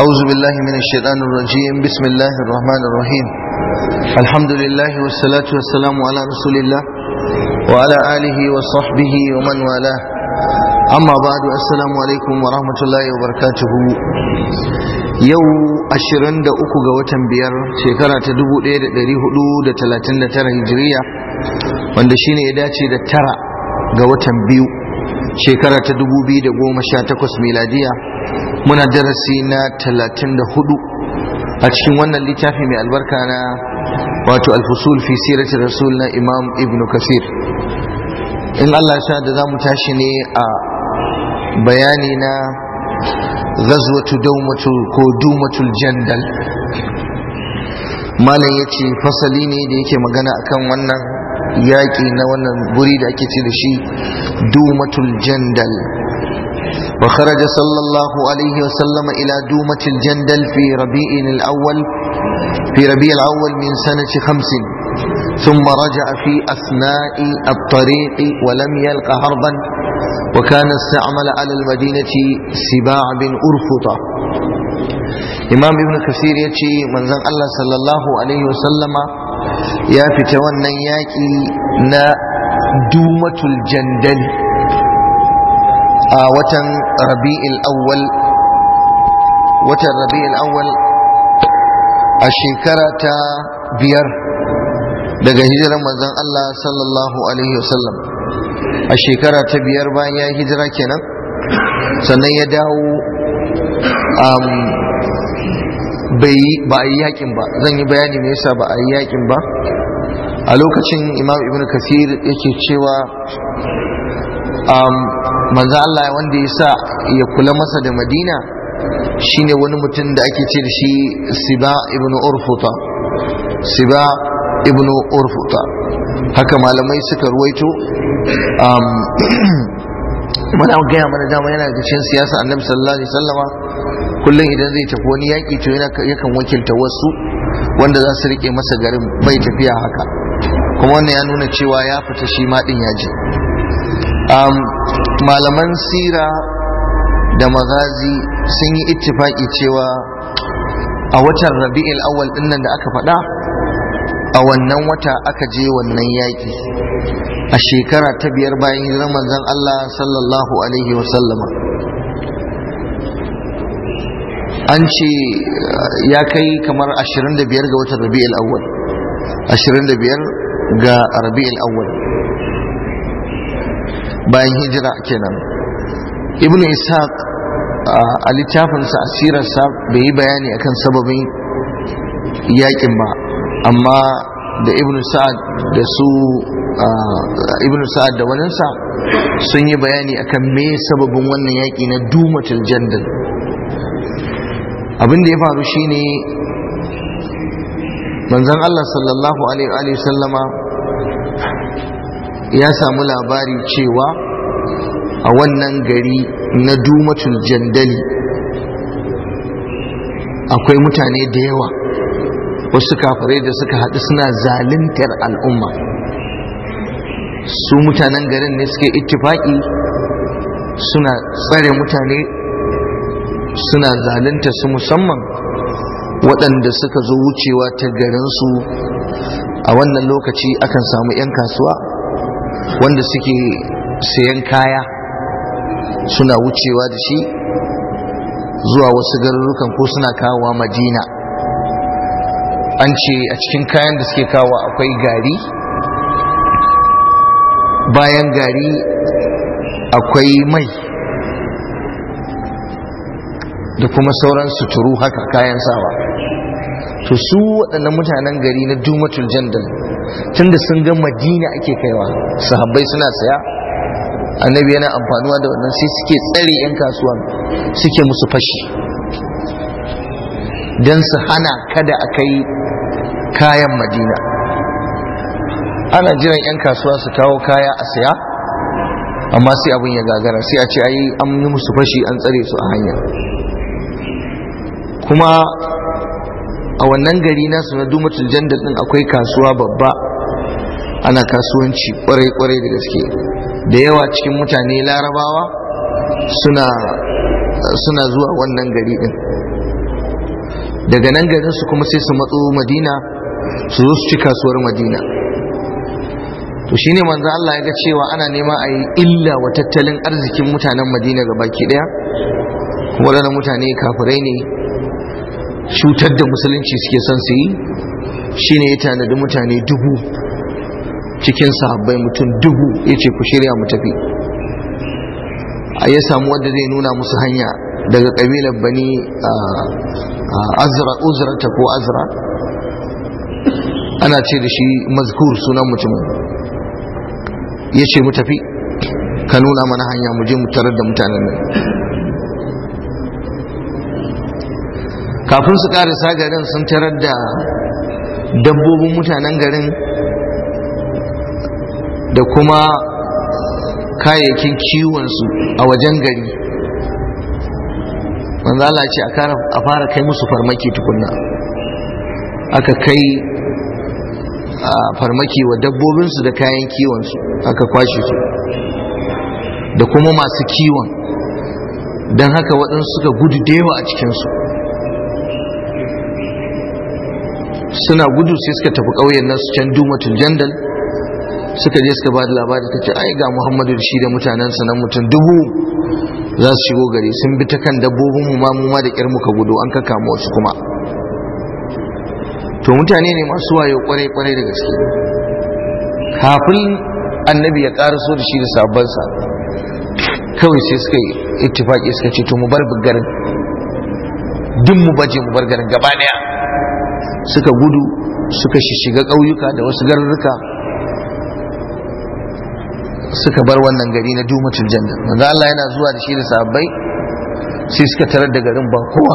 أعوذ بالله من الشيطان الرجيم بسم الله الرحمن الرحيم الحمد لله والصلاة والسلام على رسول الله وعلى آله وصحبه ومن والاه أما بعد السلام عليكم ورحمة الله وبركاته yau 23 ga watan biyar shekara ta 1439 hijiriya wanda shine ya dace da tara ga غوتا بيو shekara ta 2018 miladiya muna darasi na 34 a cikin wannan littafi mai albarka na wato alfusul fi sirati rasul na imam ibn kasir in allah sha da za mu tashi ne a bayani na ghazwatu daumatul ko dumatul jandal malam ya ce fasali ne da yake magana akan wannan yaƙi na wannan guri da ake ce da shi dumatul jandal وخرج صلى الله عليه وسلم إلى دومة الجندل في ربيع الأول في ربيع الأول من سنة خمس ثم رجع في أثناء الطريق ولم يلق حربا وكان استعمل على المدينة سباع بن أرفطة إمام ابن كثير يتشي من زن الله صلى الله عليه وسلم يا في تونن ياكي نا دومة الجندل a watan rabi'il awwal watan rabi'il awwal a shekara ta biyar daga hijirar manzon Allah sallallahu alaihi wasallam a shekara ta biyar bayan ya hijira kenan sannan ya dawo ba a yi yakin ba zan yi bayani me yasa ba a yi yakin ba a lokacin imam ibn kasir yake cewa manzo Allah wanda ya sa ya kula masa da Madina shine wani mutum da ake ce da shi Siba ibn Urfuta Siba ibn Urfuta haka malamai suka ruwaito um, muna gaya mana dama yana da cikin siyasa annabi sallallahu alaihi wasallama kullum idan zai tafi wani yaƙi to yakan wakilta wasu wanda za su rike masa garin bai tafiya haka kuma wannan ya nuna cewa ya fita shi ma din ya je um, malaman sira da magazi sun yi ittifaki cewa a watan rabi'il awal dinnan da aka faɗa a wannan wata aka je wannan yaƙi a shekara ta biyar bayan hijirar manzon Allah sallallahu alaihi wasallama an ce ya kai kamar 25 ga watan rabi'il awal 25 ga rabi'il awal bayan hijira kenan Ibn ishaq a littafinsa asirarsa bai yi bayani akan sababin yakin ba amma da ibn sa'ad da su ibn sa'ad da waninsa sun yi bayani akan me sababin wannan yaki na dumatul jandal abin da ya faru shine manzon Allah sallallahu alaihi wa ya samu labari cewa a wannan gari na dumatul jandali akwai mutane da yawa wasu kafare da suka haɗu suna zaluntar al'umma su mutanen garin ne suke ittifaki suna tsare mutane suna zalunta su musamman waɗanda suka zo wucewa ta garinsu a wannan lokaci akan samu 'yan kasuwa wanda suke sayan kaya suna wucewa da shi zuwa wasu garurukan ko suna kawowa madina an ce a cikin kayan da suke kawo akwai gari bayan gari akwai mai da kuma sauran suturu haka kayan sawa to su waɗannan mutanen gari na dumatul jandal tunda sun ga madina ake kaiwa sahabbai suna saya annabi yana amfanuwa da wannan sai suke tsare 'yan kasuwan suke musu fashi don su hana kada a kai kayan madina ana jiran 'yan kasuwa su kawo kaya a saya amma sai abin ya gagara sai a ce ayi an yi musu fashi an tsare su a hanya kuma a wannan gari nasu na dumatul janda din akwai kasuwa babba ana kasuwanci kwarai-kwarai da gaske da yawa cikin mutane larabawa suna suna zuwa wannan gari din daga nan garin su kuma sai su matso madina su zo su ci kasuwar madina to shi ne manzo Allah ya ga cewa ana nema a yi illa wa tattalin arzikin mutanen madina ga baki daya waɗannan mutane kafirai ne cutar da musulunci suke son su yi shine ya tanadi mutane dubu cikin sahabbai mutum dubu ya ce ku shirya mu tafi a ya samu wanda zai nuna musu hanya daga kabilar bani azra ta ko azra ana ce da shi mazkur sunan mutum ya ce mu tafi ka nuna mana hanya mu je mu tarar da mutanen nan kafin su karisa garin sun tarar da dabbobin mutanen garin da kuma kayayyakin kiwonsu a wajen gari manzala ce a fara kai musu farmaki tukunna aka kai farmaki wa dabbobinsu da kayan kiwonsu aka kwashe su da kuma masu kiwon don haka waɗansu suka gudu da yawa a cikinsu suna gudu sai suka tafi ƙauyen nasu can dumatul jandal suka je suka ba da labari ta ce ai ga muhammadu shi da mutanensa nan mutum dubu za su shigo gari sun bi ta kan dabbobin mu ma da kyar ka gudu an ka kama wasu kuma to mutane ne masu wayo kwarai kwarai da gaske kafin annabi ya karaso da shi da sabansa kawai sai suka yi ittifaki suka ce to mu bar garin duk mu baje mu bar garin gaba daya suka gudu suka shiga ƙauyuka da wasu garurruka suka bar wannan gari na dumatul janna manzo Allah yana zuwa da shi da sahabbai sai suka tarar da garin bankowa. kowa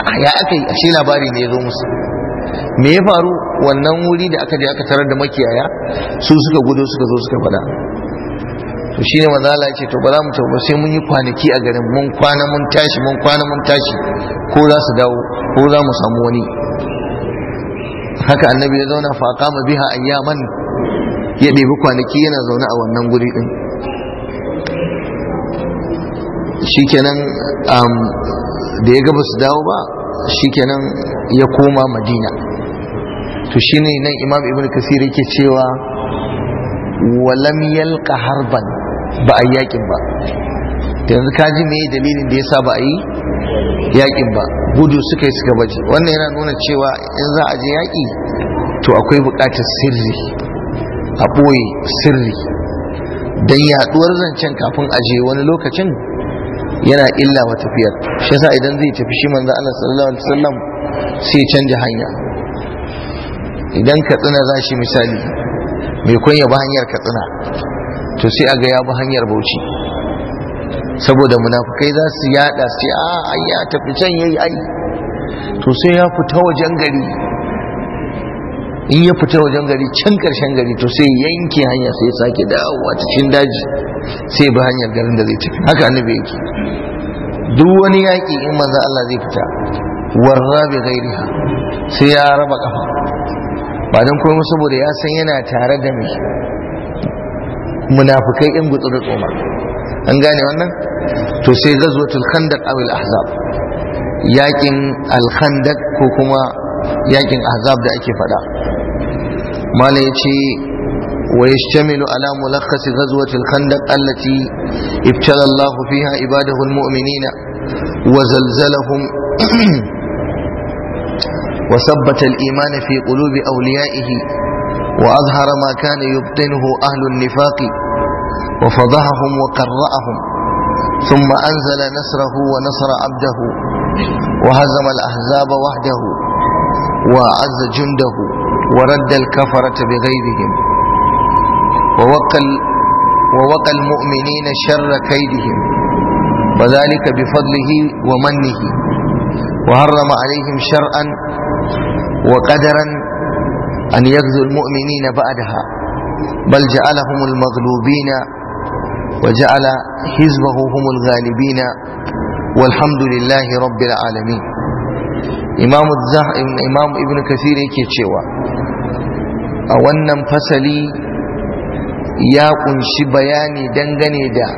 a'a ya aka yi ashe labari ne ya zo musu me ya faru wannan wuri da aka je aka tarar da makiyaya su suka gudu suka zo suka faɗa to shine manzo Allah ya ce to ba za mu tafi sai mun yi kwanaki a garin mun kwana mun tashi mun kwana mun tashi ko za su dawo ko za mu samu wani haka annabi ya zauna faƙama biha ayyaman ya ɗebi kwanaki yana zaune a wannan guri ɗin shikenan da ya gaba su dawo ba shikenan ya koma madina to shine nan imam ibn kasir yake cewa walam yalqa harban ba a yakin ba yanzu ka ji me dalilin da yasa ba a yi yakin ba gudu suka yi suka baje wannan yana nuna cewa in za a je yaki to akwai bukatar sirri a ɓoye sirri don yaɗuwar zancen kafin aje wani lokacin yana illa wa tafiyar shi yasa idan zai tafi shi manzo Allah sallallahu alaihi wasallam sai canja hanya idan katsina za shi misali mai kunya ba hanyar katsina to sai a ga ya bi hanyar bauchi saboda munafukai za su yada su yi ah, a ya tafi can yayi ai to sai ya fita wajen gari in ya fita wajen gari can karshen gari to sai yanke hanya sai sake dawowa cikin daji sai bi hanyar garin da zai tafi haka annabi yake duk wani yaki in manzo Allah zai fita warra bi ghairiha sai ya raba kafa ba don komai saboda ya san yana tare da mai munafukai in gutsuru tsoma an gane wannan to sai gazwatul khandaq aw al ahzab yakin al ko kuma yakin ahzab da ake fada malai yace wa yashtamilu ala mulakhas ghazwatil khandaq allati ibtala Allah fiha ibadahu al mu'minina wa zalzalahum wa sabbata al iman fi qulubi awliyaihi wa azhara ma kana yubtinuhu ahlun nifaqi وفضحهم وقرأهم ثم أنزل نصره ونصر عبده وهزم الأحزاب وحده وأعز جنده ورد الكفرة بغيرهم ووقى ووقى المؤمنين شر كيدهم وذلك بفضله ومنه وهرم عليهم شرعا وقدرا أن يغزو المؤمنين بعدها بل جعلهم المغلوبين وجعل حزبه هم الغالبين والحمد لله رب العالمين imam imam ibn yake cewa a wannan fasali ya kunshi bayani dangane da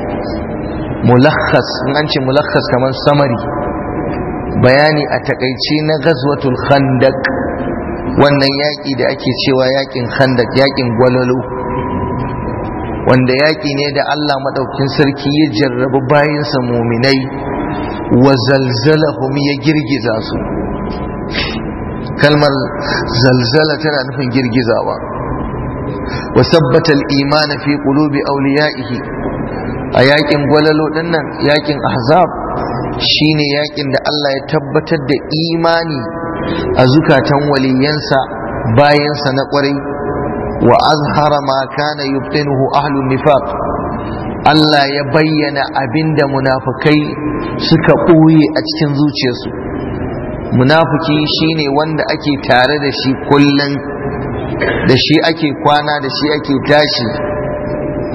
mulakhas in an ce mulakhas kamar samari bayani a takaice na ghazwatul khandaq wannan yaki da ake cewa yakin khandaq yakin gwalalo wanda yaƙi ne da Allah maɗaukin sarki ya jarrabi bayansa muminai wa zalzalahum ya girgiza su kalmar zalzala tana nufin girgizawa wa sabbata al-imana fi qulubi awliyaihi a yakin gwalalo dinnan yakin ahzab shine yakin da Allah ya tabbatar da imani a zukatan waliyansa bayansa na ƙwarai. وأظهر ما كان يبطنه أهل النفاق Allah ya bayyana abinda munafukai suka ɓoye a cikin zuciyarsu munafuki shine wanda ake tare da shi kullum da shi ake kwana da shi ake tashi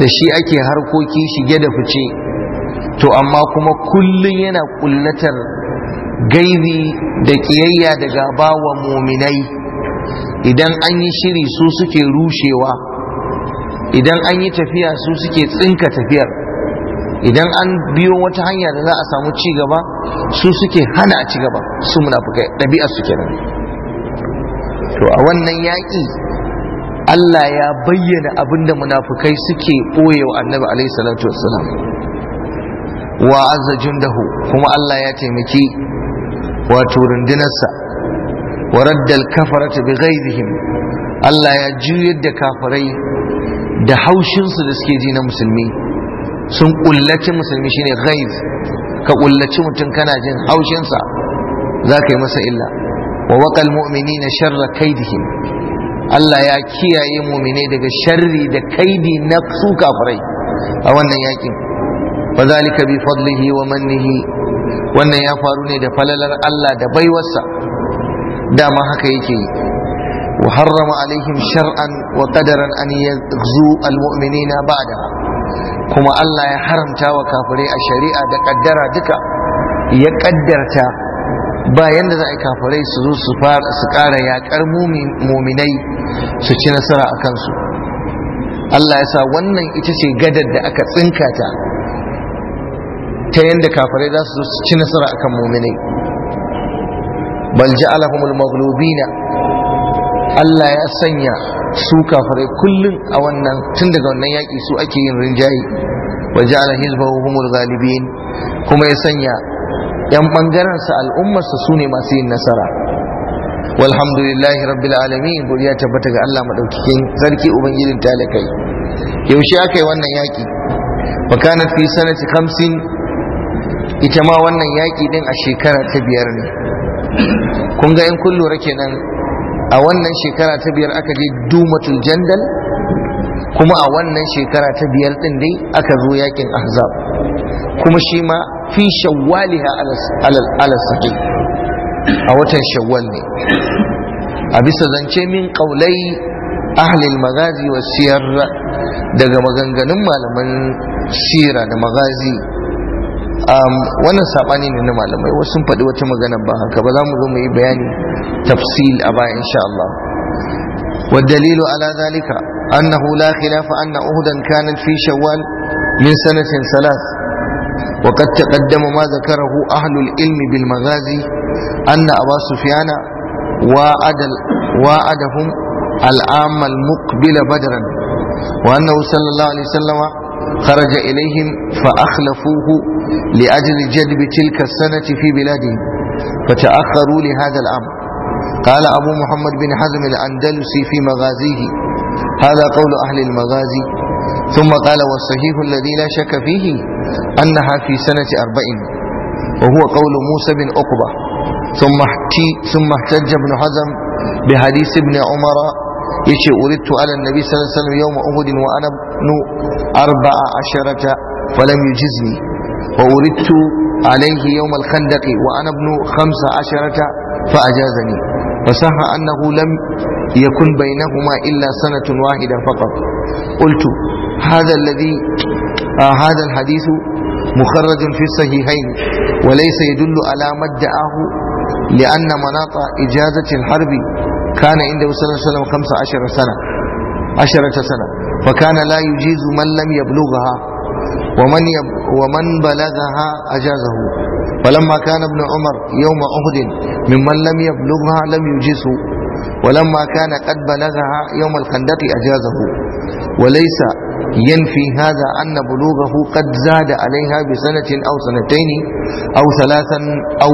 da shi ake harkoki shige da fice to amma kuma kullum yana kullatar gaibi da kiyayya daga bawa muminai idan an yi shiri su suke rushewa idan an yi tafiya su suke tsinka tafiyar idan an biyo wata hanya da za a samu cigaba gaba su suke hana a ci gaba su munafuka ɗabi'ar suke nan. to a wannan yaƙi Allah ya bayyana abin da munafukai suke ɓoyewa annabi alaihi salatu wassalam wa azza jundahu kuma Allah ya taimaki wato rundunarsa wa raddal kafarata bi ghairihim Allah ya juyar da kafarai da haushinsu da suke ji na musulmi sun kullaci musulmi shine ghaiz ka kullaci mutum kana jin haushinsa za ka yi masa illa wa waqal mu'minina sharra kaidihim Allah ya kiyaye mumine daga sharri da kaidi na su kafirai a wannan yakin wa zalika bi fadlihi wa mannihi wannan ya faru ne da falalar Allah da baiwarsa dama haka yake yi wa harrama alaihim shar'an wa qadaran an yazu almu'minina ba'da kuma Allah ya haramta wa kafirai a shari'a da kaddara duka ya kaddarta ba da za a kafirai su zo su fara su ƙara yaƙar muminai su ci nasara a kansu Allah ya sa wannan ita ce gadar da aka tsinka ta ta yanda kafirai za su zo su ci nasara akan muminai bal al maghlubina Allah ya sanya su kafare kullun a wannan tun daga wannan yaki su ake yin rinjaye wa ja'ala hizbahu al ghalibin kuma ya sanya yan bangaren sa al'ummar su sune masu yin nasara walhamdulillahi rabbil alamin godiya tabbata ga Allah madaukakin sarki ubangijin talakai yaushe aka yi wannan yaki fakanat fi sanati 50 ita ma wannan yaki din a shekara ta biyar ne kun ga in lura kenan a wannan shekara ta biyar aka je dumatul jandal kuma a wannan shekara ta biyar din dai aka zo yakin ahzab kuma shi ma fi shawwaliha ala sahi a watan shawwal ne a bisa zance min kaulai ahlil magazi wa siyar daga maganganun malaman sira da magazi wannan sabani ne na malamai wasu sun faɗi wata magana ba haka ba za mu zo mu yi bayani tafsil a baya insha Allah والدليل على ذلك أنه لا خلاف أن أهدا كانت في شوال من سنة ثلاث وقد تقدم ما ذكره أهل العلم بالمغازي أن أبا سفيان وعد وعدهم العام المقبل بدرا وأنه صلى الله عليه وسلم خرج إليهم فأخلفوه لأجل جلب تلك السنة في بلادهم فتأخروا لهذا الأمر قال أبو محمد بن حزم الأندلسي في مغازيه هذا قول أهل المغازي ثم قال والصحيح الذي لا شك فيه أنها في سنة أربعين وهو قول موسى بن أقبة ثم احتج ابن حزم بحديث ابن عمر yace uridtu ala annabi sallallahu alaihi wasallam yawma uhud wa ana nu arba'a asharata falam yujizni wa uridtu alayhi yawm al-khandaq wa ana ibn khamsa fa ajazani wa annahu lam yakun ma illa sanatun wahida faqat qultu hadha alladhi هذا الحديث مخرج في الصحيحين وليس يدل على ما ادعاه لأن مناط إجازة الحرب kana inda sallallahu alaihi wasallam 15 sana 10 sana fa kana la yujizu man lam yablughaha ومن يب ومن بلغها أجازه فلما كان ابن عمر يوم أحد ممن لم يبلغها لم يجزه ولما كان قد بلغها يوم الخندق أجازه وليس ينفي هذا أن بلوغه قد زاد عليها بسنة أو سنتين أو ثلاثا أو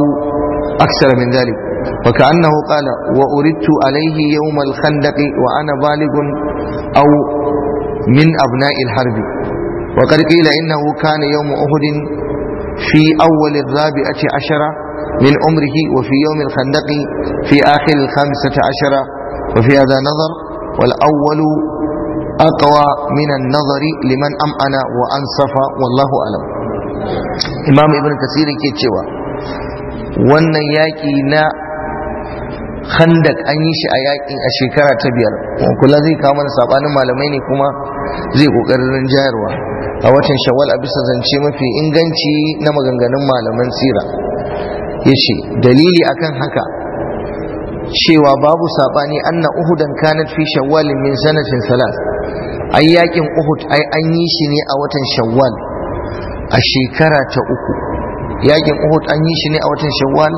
أكثر من ذلك وكأنه قال وأردت عليه يوم الخندق وأنا بالغ أو من أبناء الحرب وقد قيل إنه كان يوم أهد في أول الرابعة عشرة من عمره وفي يوم الخندق في آخر الخامسة عشرة وفي هذا نظر والأول أقوى من النظر لمن أمأن وأنصف والله أعلم إمام ابن كثير كيتشوا wannan yaƙi na khandak an yi shi a yakin a shekara ta biyar kula zai kawo mana sabanin malamai ne kuma zai kokarin rinjayarwa a watan shawwal a bisa zance mafi inganci na maganganun malaman sira ya ce dalili akan haka cewa babu sabani anna uhudan kanat fi Shawwal min sanatin salas ai yakin uhud ai an yi shi ne a watan shawwal a shekara ta uku yakin uhud an yi shi ne a watan shawwal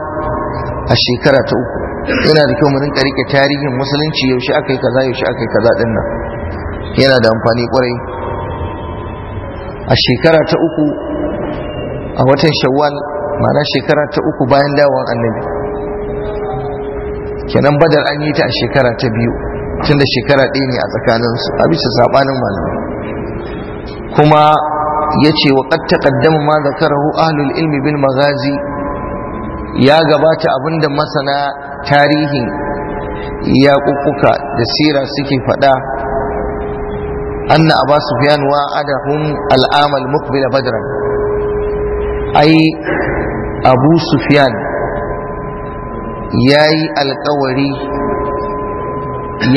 a shekara ta uku yana da kyau mu rinka rike tarihin musulunci yaushe aka yi kaza yaushe aka yi kaza din nan yana da amfani kwarai a shekara ta uku a watan shawwal ma'ana shekara ta uku bayan dawon annabi kenan badar an yi ta a shekara ta biyu tun da shekara ɗaya ne a tsakanin su, a bisa saɓanin malamai kuma ya ce wa ƙatta ƙaddama ma zakarahu ahlul ilmi bil magazi ya gabata abinda masana tarihin ya kukuka da sira suke faɗa anna abu sufyan wa adahum al'amal mukbila badran ai abu sufyan ya yi alkawari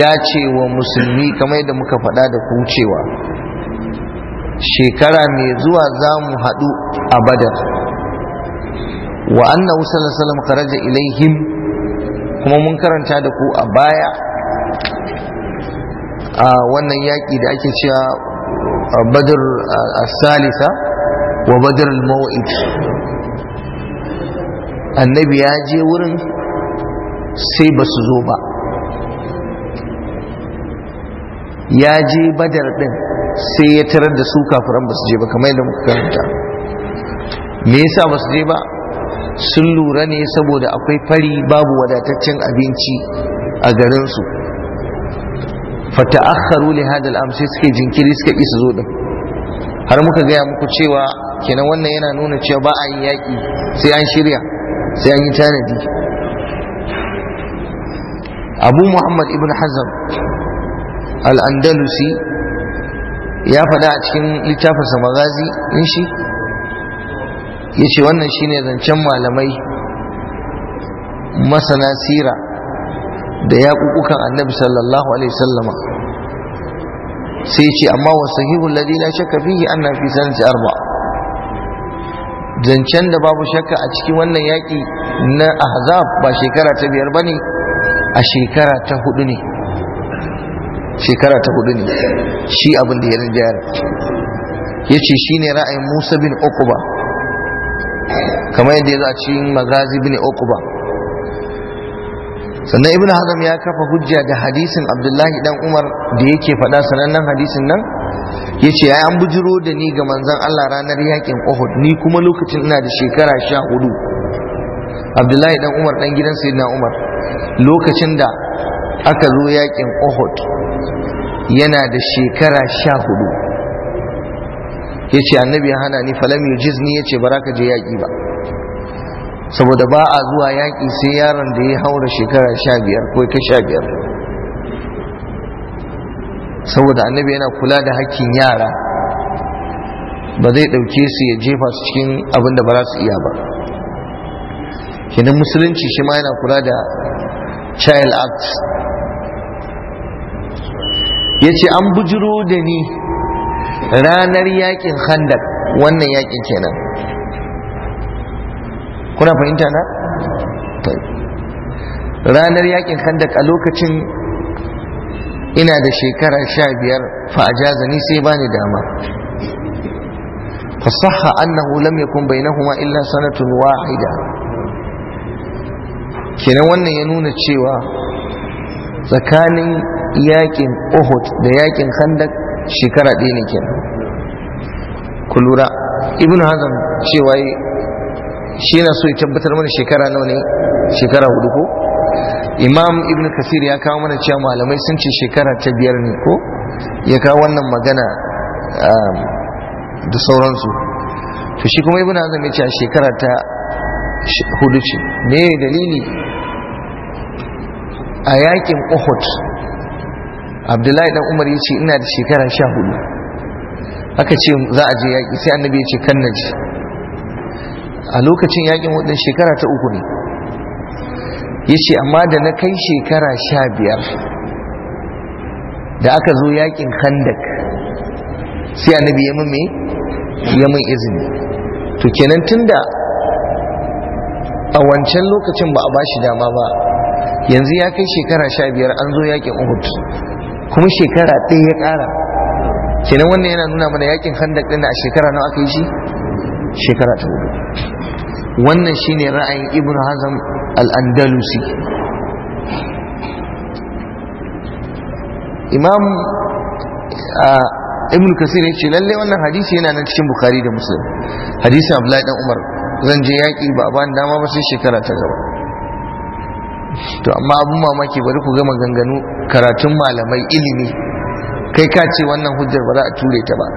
ya ce wa musulmi kamar da muka faɗa da ku cewa shekara mai zuwa za mu haɗu a badar wa annahu sallallahu alaihi wasallam kharaja ilaihim kuma mun karanta da ku a baya a wannan yaki da ake cewa badr as-salisa wa badr al-maw'id annabi ya je wurin sai ba su zo ba ya je badar din sai ya tarar da su kafiran ba su je ba kamar yadda muka karanta me yasa ba su je ba sun lura ne saboda akwai fari babu wadataccen abinci a garinsu fata'akharu li hadal amsi suke jinkiri suka isa zo din har muka gaya muku cewa kenan wannan yana nuna cewa ba a yi yaƙi sai an shirya sai an yi tanadi abu muhammad ibn hazm al-andalusi ya faɗa a cikin littafinsa magazi in shi ya ce wannan shine zancen malamai masana sira da yaƙuƙukan annabi sallallahu alaihi sallama sai ce amma wasahihul ladhi la shakka fihi anna fi sanati arba zancen da babu shakka a cikin wannan yaƙi na ahzab ba shekara ta biyar bane a shekara ta hudu ne shekara ta hudu ne shi abin da ya rinjayar ya ce shi ne ra'ayin musa bin uquba kamar yadda ya zo a cikin magazi bin okuba sannan Ibn hazm ya kafa hujja da hadisin abdullahi dan umar da yake faɗa sanannen hadisin nan yace ya an bujiro da ni ga manzon Allah ranar yakin Uhud ni kuma lokacin ina da shekara sha hudu abdullahi dan umar dan gidan sayyidina umar lokacin da aka zo yakin Uhud yana da shekara sha hudu ya ce annabi ya hana ni falam yujizni ya ce ba za ka je yaƙi ba saboda ba a zuwa yaƙi sai yaron da ya haura shekara sha biyar ko kai sha biyar saboda annabi yana kula da hakkin yara ba zai ɗauke su ya jefa su cikin abin da ba za su iya ba kenan musulunci shi ma yana kula da child act ya ce an bujiro da ni ranar yakin handak wannan yakin kenan kuna fahimta na ranar yakin handak a lokacin ina da shekara sha biyar fa'ajazani sai bani dama fasaha annahu لم يكن بينهما illa sanatun wahida kenan wannan ya nuna cewa tsakanin yakin Uhud da yakin handak. shekara ɗaya ne kenan ku lura ibn hazan cewa shi yana so ya tabbatar mana shekara nawa ne shekara hudu ko imam ibn kasir ya kawo mana cewa malamai sun ce shekara ta biyar ne ko ya kawo wannan magana um, da sauransu to shi kuma ibn hazan ya ce a shekara ta hudu ce me dalili a yakin uhud abdullahi dan umar ya ce ina da shekara sha hudu aka ce za a je yaƙi sai annabi ya ce kan na a lokacin yaƙin hudun shekara ta uku ne ya ce amma da na kai shekara sha biyar da aka zo yaƙin handak sai annabi ya mun me ya mun izini to kenan tunda a wancan lokacin ba a bashi dama ba yanzu ya kai shekara sha biyar an zo yakin uhud kuma shekara ɗaya ya ƙara kenan wannan yana nuna mana yakin handak ɗin a shekara nawa aka yi shi shekara ta hudu wannan shine ra'ayin ibn hazm al-andalusi imam ibn kasir ya ce lalle wannan hadisi yana nan cikin bukhari da muslim hadisin abdullahi dan umar zan je yaƙi ba a dama ba sai shekara ta gaba to amma abun mamaki bari ku gama ganganu karatun malamai ilimi kai ka ce wannan hujjar ba za a ture ta ba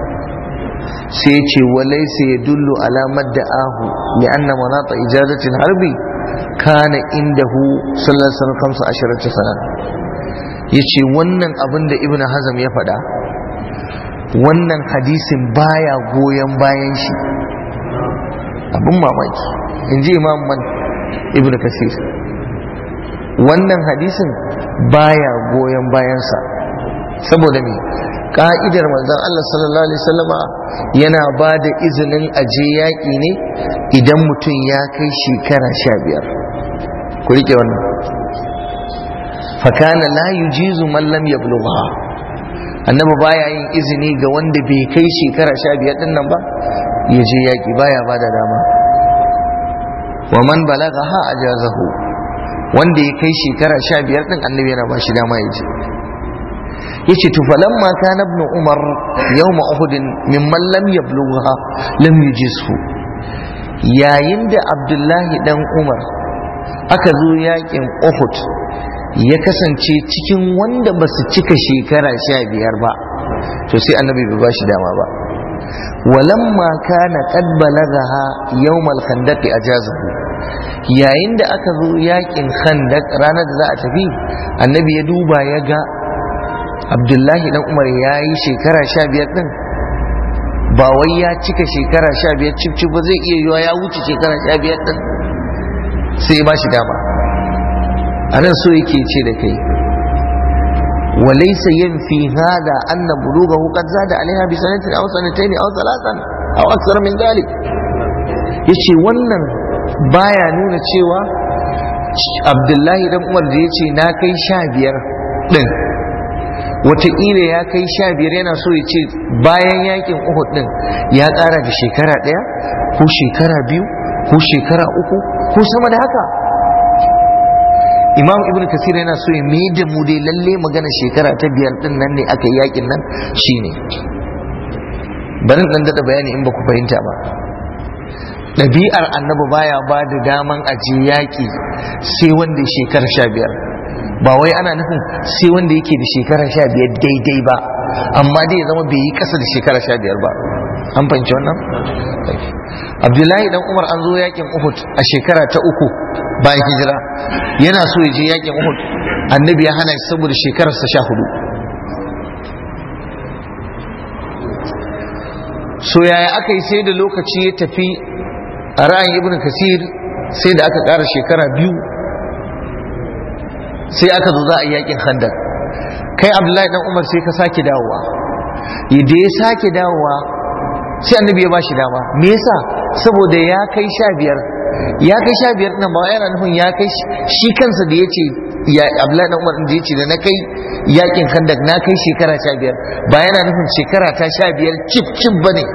sai ce walai sai ya dullu alamar da ahu li anna manata ijazatin harbi kana indahu sallallahu alaihi wasallam asharatu Ya yace wannan abin da ibnu hazm ya faɗa wannan hadisin baya goyon bayan shi abin mamaki in ji imam man ibnu kasir wannan hadisin baya goyon bayansa saboda me ka'idar manzon Allah sallallahu alaihi wasallama yana ba da izinin aje yaƙi ne idan mutum ya kai shekara sha biyar ku rike wannan fakana la yujizu man lam yablugha annabi baya yin izini ga wanda bai kai shekara sha biyar din nan ba ya je yaƙi baya ba da dama wa man balagaha ajazahu wanda ya kai shekara sha biyar ɗin annabi yana ba shi dama ya je ya ce to mata kana ibn umar yau uhudin mimman lam yablugha lam yujizhu yayin da abdullahi dan umar aka zo yakin uhud ya kasance cikin wanda ba su cika shekara sha biyar ba to sai annabi bai ba shi dama ba walamma kana qad balagha yawmal a ajazahu yayin da aka zo yakin khandak ranar da za a tafi annabi ya duba ya ga abdullahi dan umar ya yi shekara sha biyar din ba wai ya cika shekara sha biyar cif ba zai iya yiwa ya wuce shekara sha biyar din sai ya ba shi dama a nan so yake ce da kai وليس ينفي هذا أن بلوغه قد زاد عليها بسنة أو سنتين أو ثلاثا أو أكثر من ذلك yace wannan baya nuna cewa abdullahi dan umar da ya ce na kai sha biyar ɗin wataƙila ya kai sha biyar yana so ya ce bayan yakin uhud ɗin ya ƙara da shekara ɗaya ko shekara biyu ko shekara uku ko sama da haka imam ibn kasir yana so ya mai da mu dai lalle magana shekara ta biyar ɗin nan ne aka yi yakin nan shine barin ɗan daɗa bayani in ba ku fahimta ba ɗabi'ar annabi baya ba da daman aji yaƙi sai wanda shekara sha biyar ba wai ana nufin sai wanda yake da shekara sha biyar daidai ba amma dai ya zama bai yi ƙasa da shekara sha biyar ba an fahimci wannan abdullahi dan umar an zo yakin uhud a shekara ta uku bayan hijira yana so ya je yakin uhud annabi ya hana shi saboda shekararsa sha hudu so yaya aka yi sai da lokaci ya tafi a ra'ayin ibn kasir sai da aka ƙara shekara biyu sai aka zo za a yi yakin handar kai abdullahi dan umar sai ka sake dawowa idan ya sake dawowa sai annabi ya ba shi dama me yasa saboda ya kai sha biyar ya kai sha biyar nan ba yana nufin ya kai shi kansa da ya ce ya abdullahi dan umar da ya ce da na kai yakin handak na kai shekara sha biyar ba yana nufin shekara ta sha biyar cif cif ba ne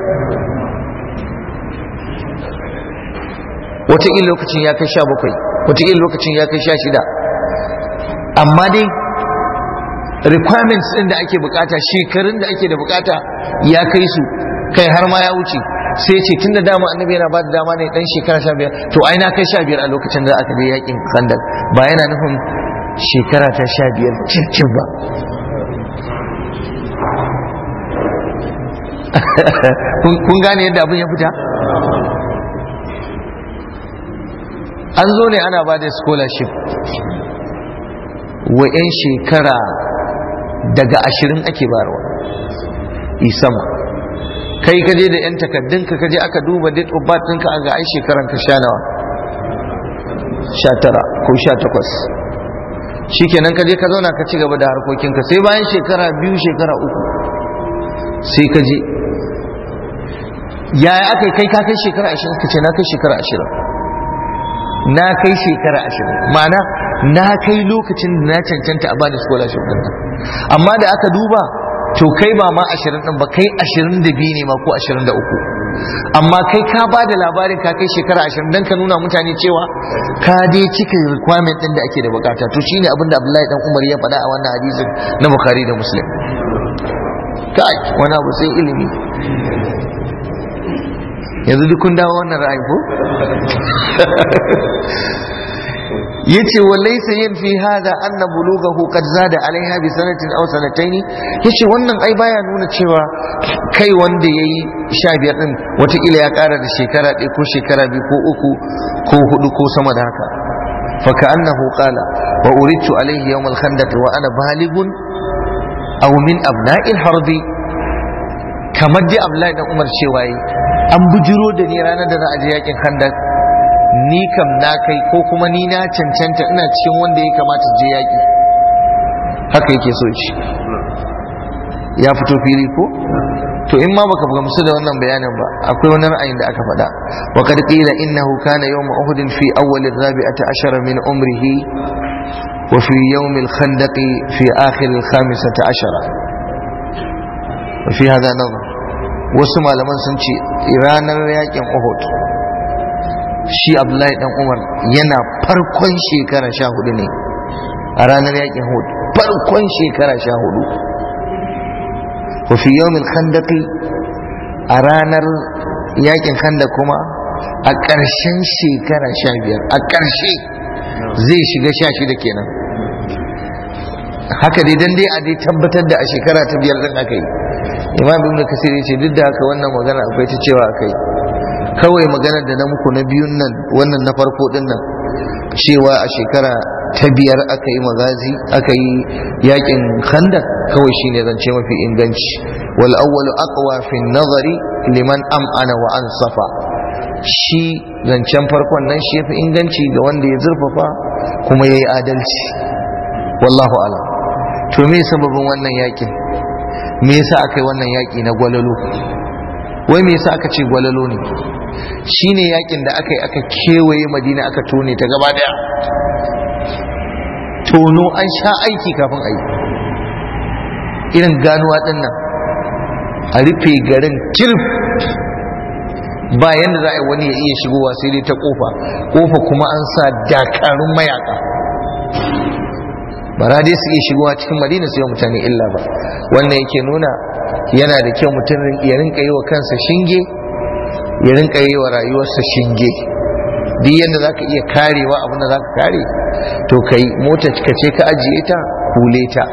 wataƙila lokacin ya kai sha bakwai wataƙila lokacin ya kai sha shida amma dai requirements ɗin da ake bukata shekarun da ake da bukata ya kai su kai har ma ya wuce sai ce tun da dama annabi yana ba da dama ne dan shekara sha biyar to ai na kai sha biyar a lokacin da aka je yakin kandal ba yana nufin shekara ta sha biyar cikin ba kun gane yadda abin ya fita an zo ne ana ba da scholarship wa 'yan shekara daga ashirin ake barwa isama kai kaje da 'yan takaddunka kaje aka duba date of birth ɗinka a ga ai shekaran ka sha nawa sha tara ko sha takwas Shi kaje ka zauna ka ci gaba da harkokinka sai bayan shekara biyu shekara uku sai kaje yaya aka kai ka kai shekara ashirin ka ce na kai shekara ashirin na kai shekara ashirin ma'ana na kai lokacin da na cancanta a da scholarship din nan amma da aka duba to kai ba ma ashirin din ba kai ashirin da biyu ne ma ko ashirin da uku amma kai ka ba da labarin ka kai shekara ashirin don ka nuna mutane cewa ka dai cika requirement din da ake da bukata to shine abin da abdullahi dan umar ya faɗa a wannan hadisin na bukari da muslim kai wani abu sai ilimi yanzu duk kun dawo wannan ra'ayi ko yace walaysa yin fi hada anna bulughahu qad zada alaiha bi sanatin aw sanatayn yace wannan ai baya nuna cewa kai wanda yayi 15 din kila ya kara da shekara ɗaya ko shekara biyu ko uku ko hudu ko sama da haka fa ka'annahu qala wa uridtu alaihi yawm al-khandaq wa ana balighun aw min abna'il harbi kamar dai Abdullahi da Umar cewa yi an bujiro da ni ranar da za a je yakin handa ni kam na kai ko kuma ni na cancanta ina cikin wanda ya kamata je yaki haka yake so shi ya fito fili ko to in ma baka gamsu da wannan bayanin ba akwai wani ra'ayin da aka faɗa wa qad qila innahu kana yawm uhud fi awwal ar-rabi'ati ashara min umrihi wa fi yawm al-khandaq fi akhir al-khamisati ashara wa fi hadha nadhar wasu malaman sun ce ranar yakin uhud shi abdullahi dan umar yana farkon shekara sha hudu ne a ranar yakin uhud farkon shekara sha hudu wafi yawon khandaki a ranar yakin khandak kuma a ƙarshen shekara sha biyar a ƙarshe zai shiga sha shida kenan haka dai dan dai a dai tabbatar da a shekara ta biyar din aka yi imam ibn kasir ya ce duk da haka wannan magana akwai ta cewa akai kawai maganar da na muku na biyun nan wannan na farko din nan cewa a shekara ta biyar aka yi magazi aka yi yakin khandak kawai shine zance mafi inganci wal awwalu aqwa fi nazari liman am'ana wa ansafa shi zancen farkon nan shi yafi inganci ga wanda ya zurfafa kuma yayi adalci wallahu alam to me sababin wannan yakin me yasa aka yi wannan yaƙi na gwalalo wai me yasa aka ce gwalalo ne shine yaƙin da aka yi aka kewaye madina aka tone ta gaba daya tono an sha aiki kafin a yi irin ganuwa din nan a rufe garin kirf ba yadda za a yi wani ya iya shigowa sai dai ta kofa kofa kuma an sa dakarun mayaka bara dai su shigo shigowa cikin madina su yi mutane illa ba wannan yake nuna yana da kyau mutum ya rinka yi wa kansa shinge ya rinka yi wa rayuwarsa shinge duk yadda za ka iya karewa abin da za ka kare to ka yi mota ka ce ka ajiye ta kule ta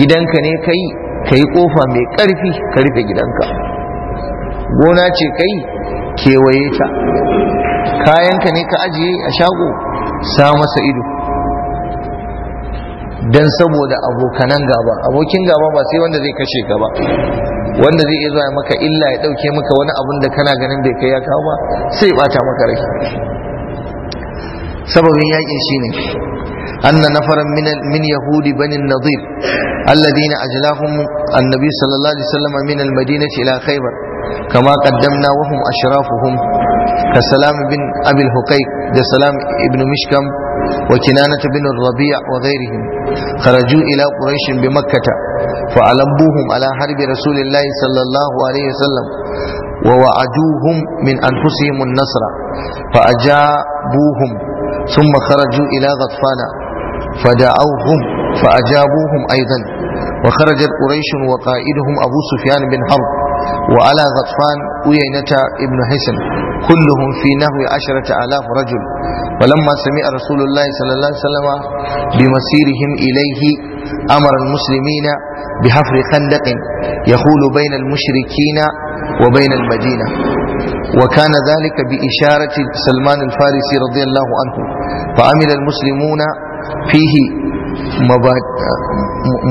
gidanka ne ka yi ka yi kofa mai karfi ka rufe gidanka gona ce ka yi kewaye ta kayanka ne ka ajiye a shago sa masa ido don saboda abokanan gaba abokin gaba ba sai wanda zai kashe ka ba wanda zai iya zuwa maka illa ya dauke maka wani abun da kana ganin bai kai ya kawo ba sai bata maka rai sababin yakin shine أن نفرا من من يهود بني النضير الذين أجلاهم النبي صلى الله عليه وسلم من المدينة إلى خيبر كما قدمنا وهم أشرافهم ka salam bin abil hukai da salam ibn mishkam wa kinanata bin rabi'a wa ghairihim kharaju ila quraish bi makkata fa alambuhum ala harbi rasulillahi sallallahu alaihi wasallam wa wa'aduhum min anfusihim an-nasra fa ajabuhum thumma kharaju ila ghatfana فدعوهم فأجابوهم أيضا وخرجت قريش وقائدهم أبو سفيان بن حرب وعلى غطفان أيينة ابن حسن كلهم في نحو عشرة آلاف رجل ولما سمع رسول الله صلى الله عليه وسلم بمسيرهم إليه أمر المسلمين بحفر خندق يخول بين المشركين وبين المدينة وكان ذلك بإشارة سلمان الفارسي رضي الله عنه فعمل المسلمون فيه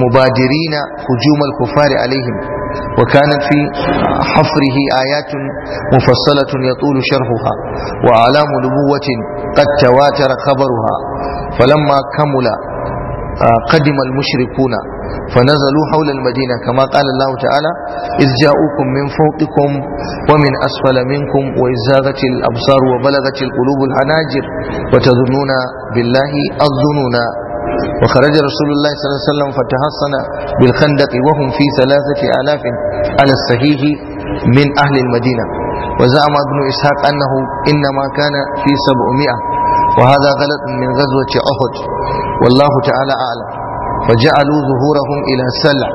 مبادرين هجوم الكفار عليهم وكانت في حفره آيات مفصلة يطول شرحها وأعلام نبوة قد تواتر خبرها فلما كمل آه، قدم المشركون فنزلوا حول المدينة كما قال الله تعالى إذ جاءوكم من فوقكم ومن أسفل منكم وإذ زاغت الأبصار وبلغت القلوب الحناجر وتظنون بالله الظنونا وخرج رسول الله صلى الله عليه وسلم فتحصن بالخندق وهم في ثلاثة آلاف على الصحيح من أهل المدينة وزعم ابن إسحاق أنه إنما كان في سبعمائة وهذا غلط من غزوة أحد والله تعالى أعلم فجعلوا ظهورهم إلى سلع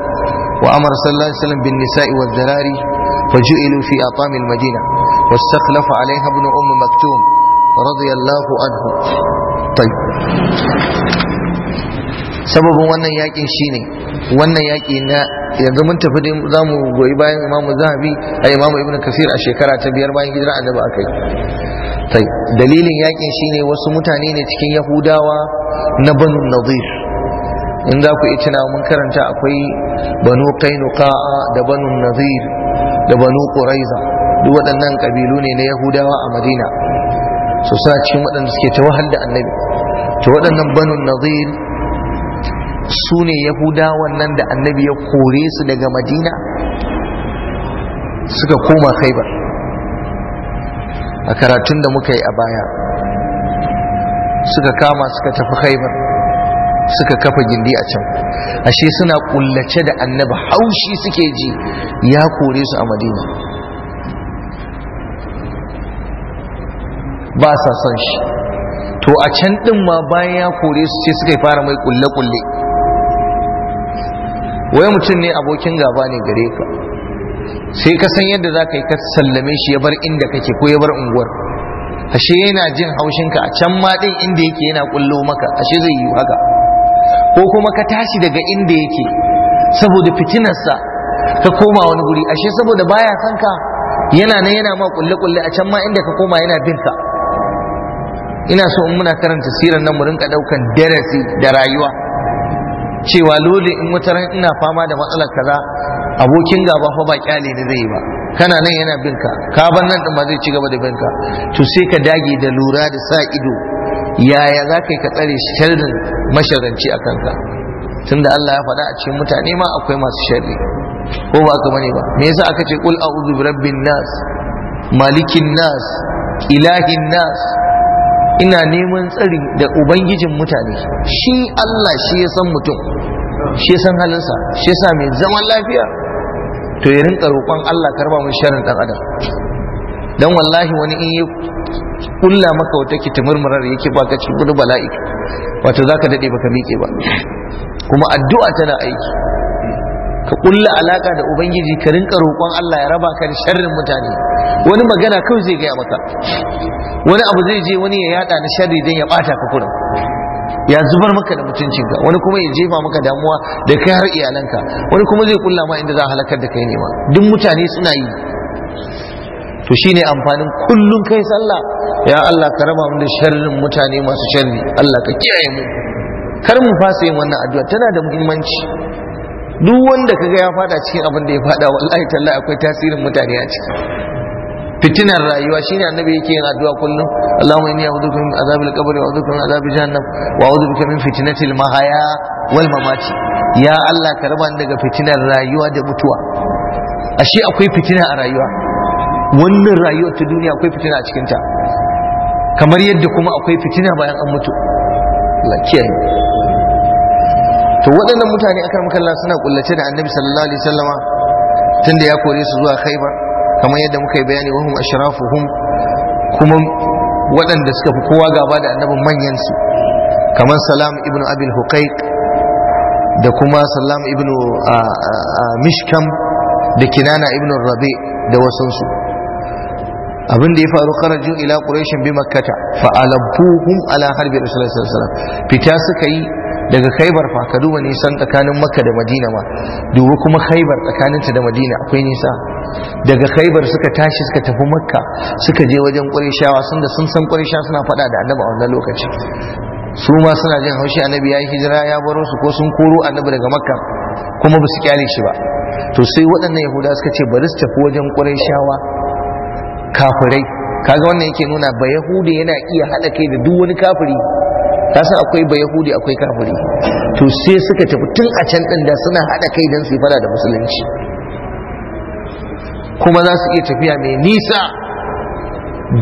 وأمر صلى الله عليه وسلم بالنساء والذراري فجئلوا في أطام المدينة واستخلف عليها ابن أم مكتوم رضي الله عنه طيب sababin wannan yakin shine wannan yaki na yanzu mun tafi dai za mu goyi bayan imamu zahabi a imamu ibn kasir a shekara ta biyar bayan hijira annabi akai tai dalilin yakin shine wasu mutane ne cikin yahudawa na banu nadir in za ku iya mun karanta akwai banu qainuqa'a da banu nadir da banu quraiza duk waɗannan kabilu ne na yahudawa a madina su suna cikin waɗanda suke ta wahal da annabi to waɗannan banu nadir su ne yahudawan nan da annabi ya kore su daga madina suka koma khaibar a karatun da muka yi a baya suka kama suka tafi khaibar suka kafa gindi a can ashe suna kullace da annabi haushi suke ji ya kore su a madina ba sa son shi to a can din ma bayan ya kore su ce suka fara mai kulle-kulle wai mutum ne abokin gaba ne gare ka sai ka san yadda za ka yi ka sallame shi ya bar inda kake ko ya bar unguwar ashe yana jin haushinka a can ma ɗin inda yake yana ƙullo maka ashe zai yi haka ko kuma ka tashi daga inda yake saboda fitinarsa ka koma wani guri ashe saboda baya son ka yana nan yana ma ƙulle-ƙulle? a can ma inda ka koma yana bin ka ina so in muna karanta sirar nan mu rinka ɗaukan darasi da rayuwa cewa lole in wutar ina fama da matsalar kaza abokin gaba fa ba kyale ne zai yi ba kana nan yana binka ka ban nan din ba zai ci gaba da binka to sai ka dage da lura da sa ido yaya za ka yi ka tsare sharrin masharanci a kanka tunda Allah ya faɗa a cikin mutane ma akwai masu sharri ko ba ka bane ba me yasa aka ce qul a'udhu bi rabbin nas malikin nas ilahin nas ina neman tsari da ubangijin mutane shi Allah shi ya san mutum shi san halinsa shi sa mai zaman lafiya to ya rinka roƙon Allah karba mai sharin ɗan adam Don wallahi wani in yi kulla maka wata kitimurmurar yake baka cikin gudu bala'i wato daɗe ba ka miƙe ba kuma addu'a tana aiki ka kulla alaka da ubangiji ka rinka roƙon Allah ya raba ka da sharrin mutane wani magana kawai zai gaya maka wani abu zai je wani ya yada na sharri dan ya bata ka kurin ya zubar maka da mutuncinka wani kuma ya jefa maka damuwa da kai har iyalanka wani kuma zai kulla ma inda za a halakar da kai ne ma duk mutane suna yi to shine amfanin kullum kai sallah ya Allah ka raba mu da sharrin mutane masu sharri Allah ka kiyaye mu kar mu fasa yin wannan addu'a tana da muhimmanci duk wanda kaga ya fada cikin abin da ya fada wallahi tallahi akwai tasirin mutane a ciki fitinar rayuwa shine annabi yake yin addu'a kullum Allahumma inni a'udhu bika min azabil qabr wa a'udhu bika min azabi jahannam wa a'udhu bika min fitnatil mahaya wal mamati ya Allah ka raba ni daga fitinar rayuwa da mutuwa ashe akwai fitina a rayuwa wannan rayuwar ta duniya akwai fitina a cikin ta. kamar yadda kuma akwai fitina bayan an mutu lakiyayi to waɗannan mutane akan makalla suna kullace da annabi sallallahu alaihi wasallama tunda ya kore su zuwa khaibar kamar yadda muka yi bayani wahum ashrafuhum kuma waɗanda suka fi kowa gaba da annabin manyan su kamar salam ibn abil huqaiq da kuma salam ibn mishkam da kinana ibnu rabi da wasansu abin da ya faru kharaju ila quraishin bi makkata fa alamtuhum ala harbi rasulullahi sallallahu alaihi wasallam fita suka yi daga khaibar fa ka duba nisan tsakanin makka da madina ma dubu kuma khaibar tsakaninta da madina akwai nisa daga khaibar suka tashi suka tafi makka suka je wajen ƙwarishawa sun da sun san ƙwarishawa suna faɗa da annaba a wannan lokaci su ma suna jin haushi annabi ya yi hijira ya baro su ko sun koro annabi daga makka kuma ba su kyale shi ba to sai waɗannan yahuda suka ce bari su tafi wajen ƙwarishawa kafirai kaga wannan yake nuna ba yahudi yana iya haɗa kai da duk wani kafiri ka san akwai ba yahudi akwai kafiri to sai suka tafi tun a can din da suna hada kai dan su fada da musulunci kuma za su iya tafiya mai nisa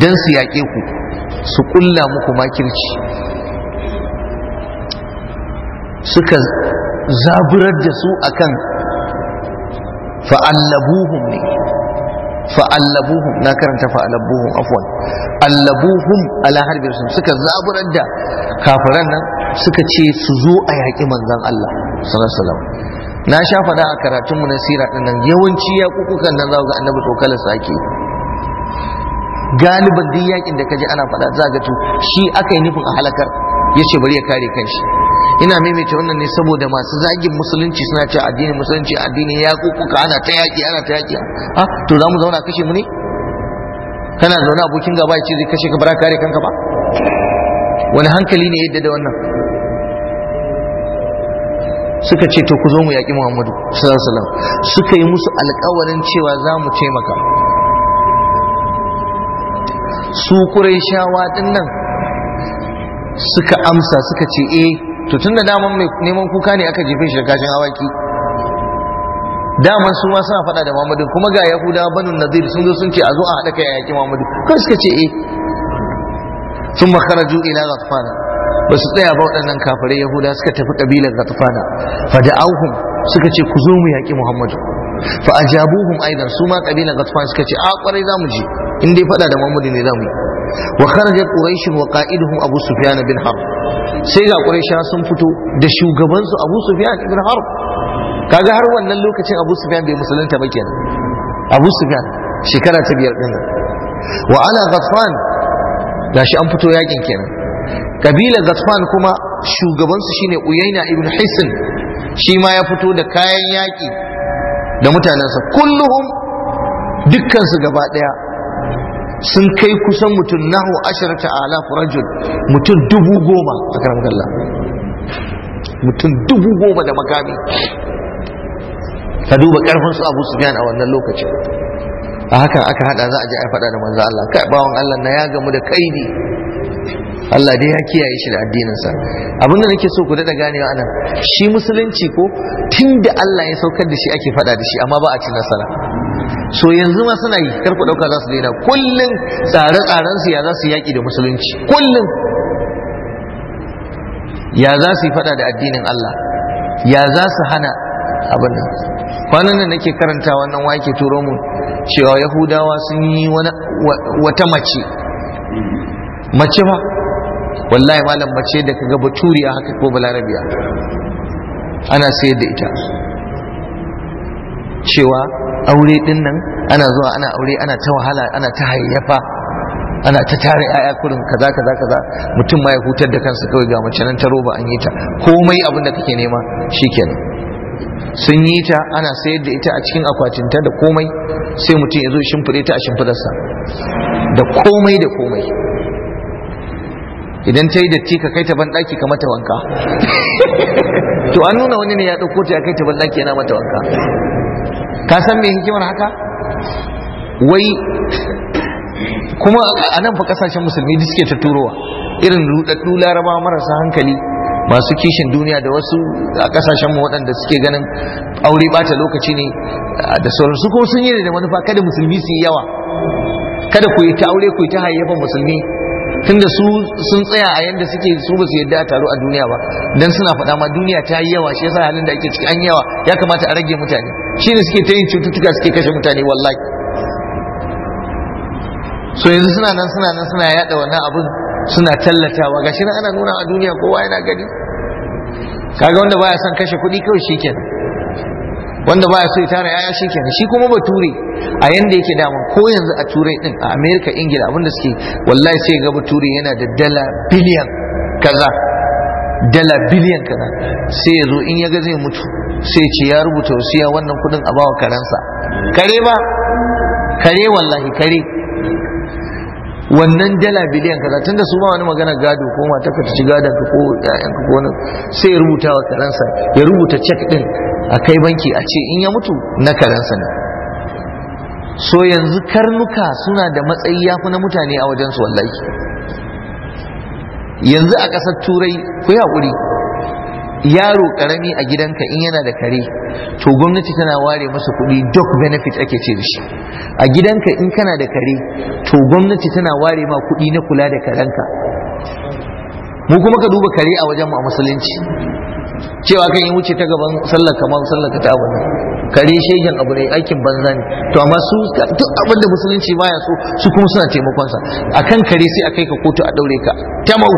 dan su yaƙe ku su kulla muku makirci suka zaburar da su akan fa'allabuhum ne fa’allabuhun na karanta fa’allabuhun afwan allabuhun ala sun, suka zaburar da kafiran nan suka ce su zo a yaƙi manzan Allah salasalam. na sha faɗa a karatunmu na sira ɗin yawanci ya kukukan nan za ga annabi tsokalar sake galiban duk yakin da kaji ana faɗa za ga to shi aka yi nufin a halakar ya ce bari ya kare kanshi ina maimaita wannan ne saboda masu zagin musulunci suna ce addini musulunci addini ya kukuka ana ta yaƙi ana ta yaƙi ha ah, to za mu zauna kashe mu ne kana zaune abokin gaba ya ce zai kashe ka bara kare kanka ba wani hankali ne yadda da wannan suka ce to ku zo mu yaƙi muhammadu sallallahu alaihi wasallam suka yi musu alƙawarin cewa za mu taimaka su kurai shawa nan suka amsa suka ce eh to tun da daman mai neman kuka ne aka jefe shi da kashin awaki daman su ma suna faɗa da Muhammadu kuma ga Yahuda banu nazir sun zo sun ce a zo a haɗa kai a yaƙi Muhammadu kawai suka ce eh sun makaraju ila Ghatfana ba su tsaya ba waɗannan kafirai Yahuda suka tafi ƙabilar Ghatfana fa da'awhum suka ce ku zo mu yaƙi Muhammadu fa ajabuhum aidan su ma ƙabilar Ghatfana suka ce a ƙwarai za mu je in dai faɗa da Muhammadu ne za mu yi wa kharaja quraish wa qa'iduhum abu sufyan bin harb sai ga quraisha sun fito da shugaban su abu sufyan bin harb kaga har wannan lokacin abu sufyan bai musulunta ba kenan abu sufyan shekara ta biyar din wa ala ghatfan gashi an fito yakin kenan kabila ghatfan kuma shugaban su shine uyaina ibn hisn shi ma ya fito da kayan yaƙi da mutanensa kulluhum su gaba ɗaya sun kai kusan mutum nahu ashir ta'ala rajul mutum dubu goma a karamakalla mutum dubu goma da makami ka duba karfin su abu sufyan a wannan lokacin a hakan aka hada za a je a faɗa da manzo Allah kai bawon Allah na ya gamu da kaidi Allah dai ya kiyaye shi da addininsa abinda nake so ku daɗa ganewa anan shi musulunci ko tun da Allah ya saukar da shi ake faɗa da shi amma ba a ci nasara so yanzu ma suna yi karku ɗauka za su daina kullum tsare-tsaren su ya za su yaƙi da musulunci kullum ya za su yi faɗa da addinin Allah ya za su hana abin nan kwanan nan nake karanta wannan wake turo mu cewa yahudawa sun yi wata mace mace ba wallahi malam mace da kaga baturiya haka ko balarabiya ana sayar da ita cewa aure din nan ana zuwa ana aure ana ta wahala ana ta hayyafa ana ta tare yaya kurin kaza kaza kaza mutum ma ya hutar da kansa kawai ga mace nan ta roba an yi ta komai abin da kake nema shikenan sun yi ta ana sayar da ita a cikin akwatinta da komai sai mutum ya zo shimfiɗe ta a shimfiɗarsa da komai da komai idan ta yi datti ka kai ta ban ɗaki ka mata wanka to an nuna wani ne ya ɗauko ta ya kai ta ban ɗaki yana mata wanka ka san me hikimar haka wai kuma a nan fa kasashen musulmi duk suke ta turowa irin rudaddu laraba marasa hankali masu kishin duniya da wasu a kasashen mu waɗanda suke ganin aure bata lokaci ne da sauransu kuma sun yi da manufa kada musulmi su yi yawa kada ku yi ta aure ku yi ta hayyafa musulmi tunda su sun tsaya a yanda suke su ba su yadda a taro a duniya ba dan suna faɗa ma duniya ta yi yawa shi yasa halin da ake ciki an yawa ya kamata a rage mutane ne suke ta yin cututtuka suke kashe mutane wallahi so yanzu suna nan suna nan suna yada wannan abin suna tallatawa gashi nan ana nuna a duniya kowa yana gani kaga wanda baya son kashe kuɗi kawai kenan wanda ba ya so ya tara yaya shikenan shi kuma bature a yanda yake daman ko yanzu a turai din a america ingila abinda suke wallahi sai ga bature yana da dala biliyan kaza dala biliyan kaza sai ya zo in ya ga zai mutu sai ce ya rubuta wasiya wannan kudin a bawa karensa kare ba kare wallahi kare wannan dala biliyan kaza tunda su ba wani magana gado ko mata ka ci gadon ka ko ƴaƴan ka ko wani sai ya rubuta wa karansa ya rubuta cek din a kai banki a ce in ya mutu na karansa ne so yanzu karnuka suna da matsayi ya fi na mutane a wajen su wallahi yanzu a ƙasar turai ku yi haƙuri yaro karami a gidanka in yana da kare to gwamnati tana ware masa kuɗi duk benefit ake ce da shi a gidanka in kana da kare to gwamnati tana ware ma kuɗi na kula da karenka mu kuma ka duba kare a wajen mu a musulunci cewa kan yi wuce ta gaban sallar kamar sallar ta abu ne kare shegen abu ne aikin banza ne to amma su duk abin da musulunci baya so su kuma suna taimakon sa akan kare sai a kai ka kotu a daure ka tamau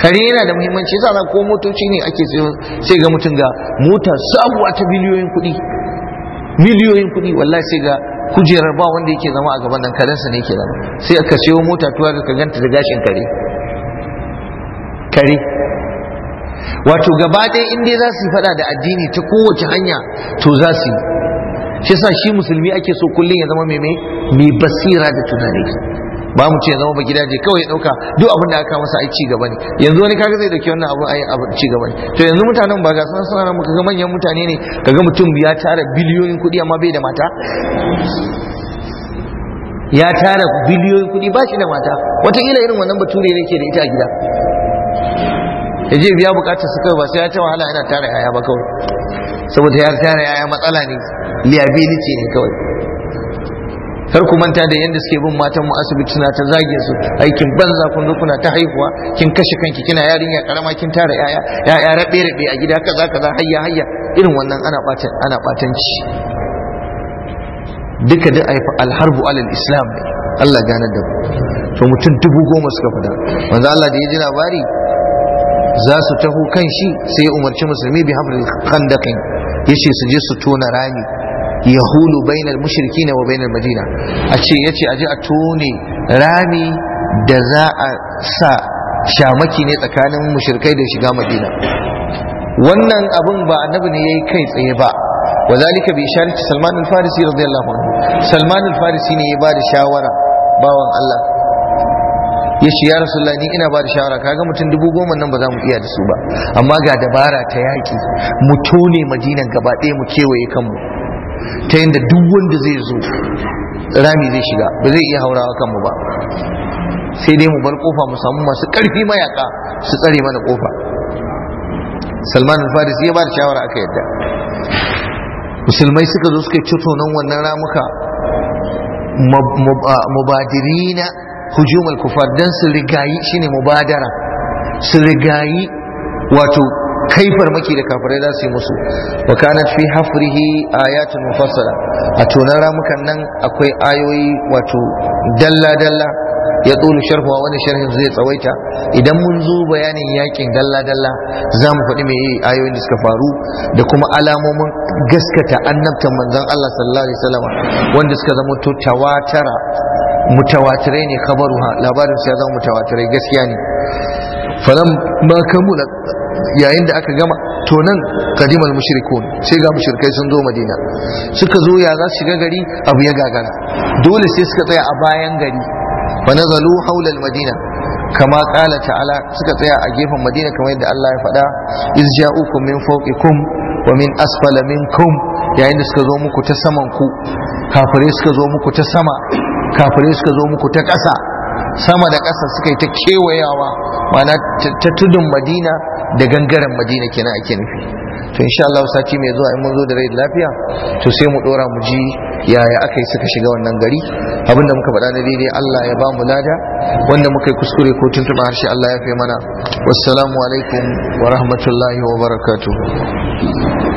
kare yana da muhimmanci yasa za ko motoci ne ake sai ga mutum ga mota sabuwa ta miliyoyin kuɗi miliyoyin kuɗi wallahi sai ga kujerar ba wanda yake zama a gaban nan karensa ne yake zama sai aka sayo mota tuwa ka ganta da gashin kare kare wato gaba ɗaya in dai za su yi faɗa da addini ta kowace hanya to za su yi shi sa shi musulmi ake so kullum ya zama mai mai basira da tunani ba mu ce zama ba gidaje kawai ya dauka duk abin da aka masa ai ci gaba ne yanzu wani kaga zai dauki wannan abu ai abu ci gaba ne to yanzu mutanen ba ga san sana mu kaga manyan mutane ne kaga mutum ya tara biliyoyin kuɗi amma bai da mata ya tara biliyoyin kuɗi ba shi da mata wataƙila irin wannan bature ne ke da ita a gida ya je biya bukatar su kawai ba sai ya ta wahala yana tara yaya ba kawai saboda ya tara yaya matsala ne liability ne kawai kar ku manta da yadda suke bin matan mu asibiti suna ta zage su aikin banza kun zo kuna ta haihuwa kin kashe kanki kina yarinya karama kin tara yaya yaya rabe rabe a gida kaza kaza hayya hayya irin wannan ana bata ana batanci duka da ayi alharbu alal islam Allah gane da ku. to mutum dubu goma suka fada manzo Allah da ya ji labari za su taho kan shi sai umarci musulmi bi hafri khandaqin yace su je su tona rami yahulu bainal mushrikina wa bainal madina a ce yace aje a tone rami da za a sa shamaki ne tsakanin mushrikai da shiga madina wannan abin ba annabi ne yayi kai tsaye ba وذلك بإشارة سلمان الفارسي رضي الله salman al farisi ne ya bada shawara bawan Allah ya ce ya rasulullah ni ina bada shawara kaga mutum dubu goma nan ba za mu iya da su ba amma ga dabara ta yaki mu tone madinan gaba ɗaya mu kewaye kanmu ta da duk wanda zai zo rami zai shiga ba zai iya haurawa kanmu ba sai dai mu bar kofa mu samu masu karfi mayaka su tsare mana kofa salman al-faris ya ba da shawara aka yadda musulmai suka zo suka cito nan wannan ramuka mubadirina hujumul kufar dan su rigayi shine mubadara su rigayi wato kai farmaki da kafirai za su yi musu wa kanat fi hafrihi ayatun mufassala a tunan ramukan nan akwai ayoyi wato dalla dalla ya tsoro sharhuwa wani sharhin zai tsawaita idan mun zo bayanin yakin dalla dalla za mu faɗi mai ayoyin da suka faru da kuma alamomin gaskata annabtan manzon Allah sallallahu alaihi wasallam wanda suka zama to tawatara mutawatirai ne kabaruwa labarin su ya zama mutawatirai gaskiya ne falan ma kamula yayin da aka gama to nan kadimal mushrikun sai ga mushrikai sun zo madina suka zo ya za su shiga gari abu ya gagara dole sai suka tsaya a bayan gari fa nazalu hawla madina kama kala ta'ala suka tsaya a gefen madina kamar yadda Allah ya faɗa iz ja'ukum min fawqikum wa min asfala minkum yayin da suka zo muku ta saman ku kafirai suka zo muku ta sama kafirai suka zo muku ta ƙasa sama da ƙasa suka yi ta kewayawa mana ta tudun madina da gangaren madina kenan ake nufi to insha Allah sati mai zuwa in mun zo da rai lafiya to sai mu dora mu ji yaya aka yi suka shiga wannan gari abinda muka faɗa na daidai Allah ya ba mu lada wanda muka yi kuskure ko tuntuɓa harshe Allah ya fi mana wassalamu alaikum wa rahmatullahi wa barakatuh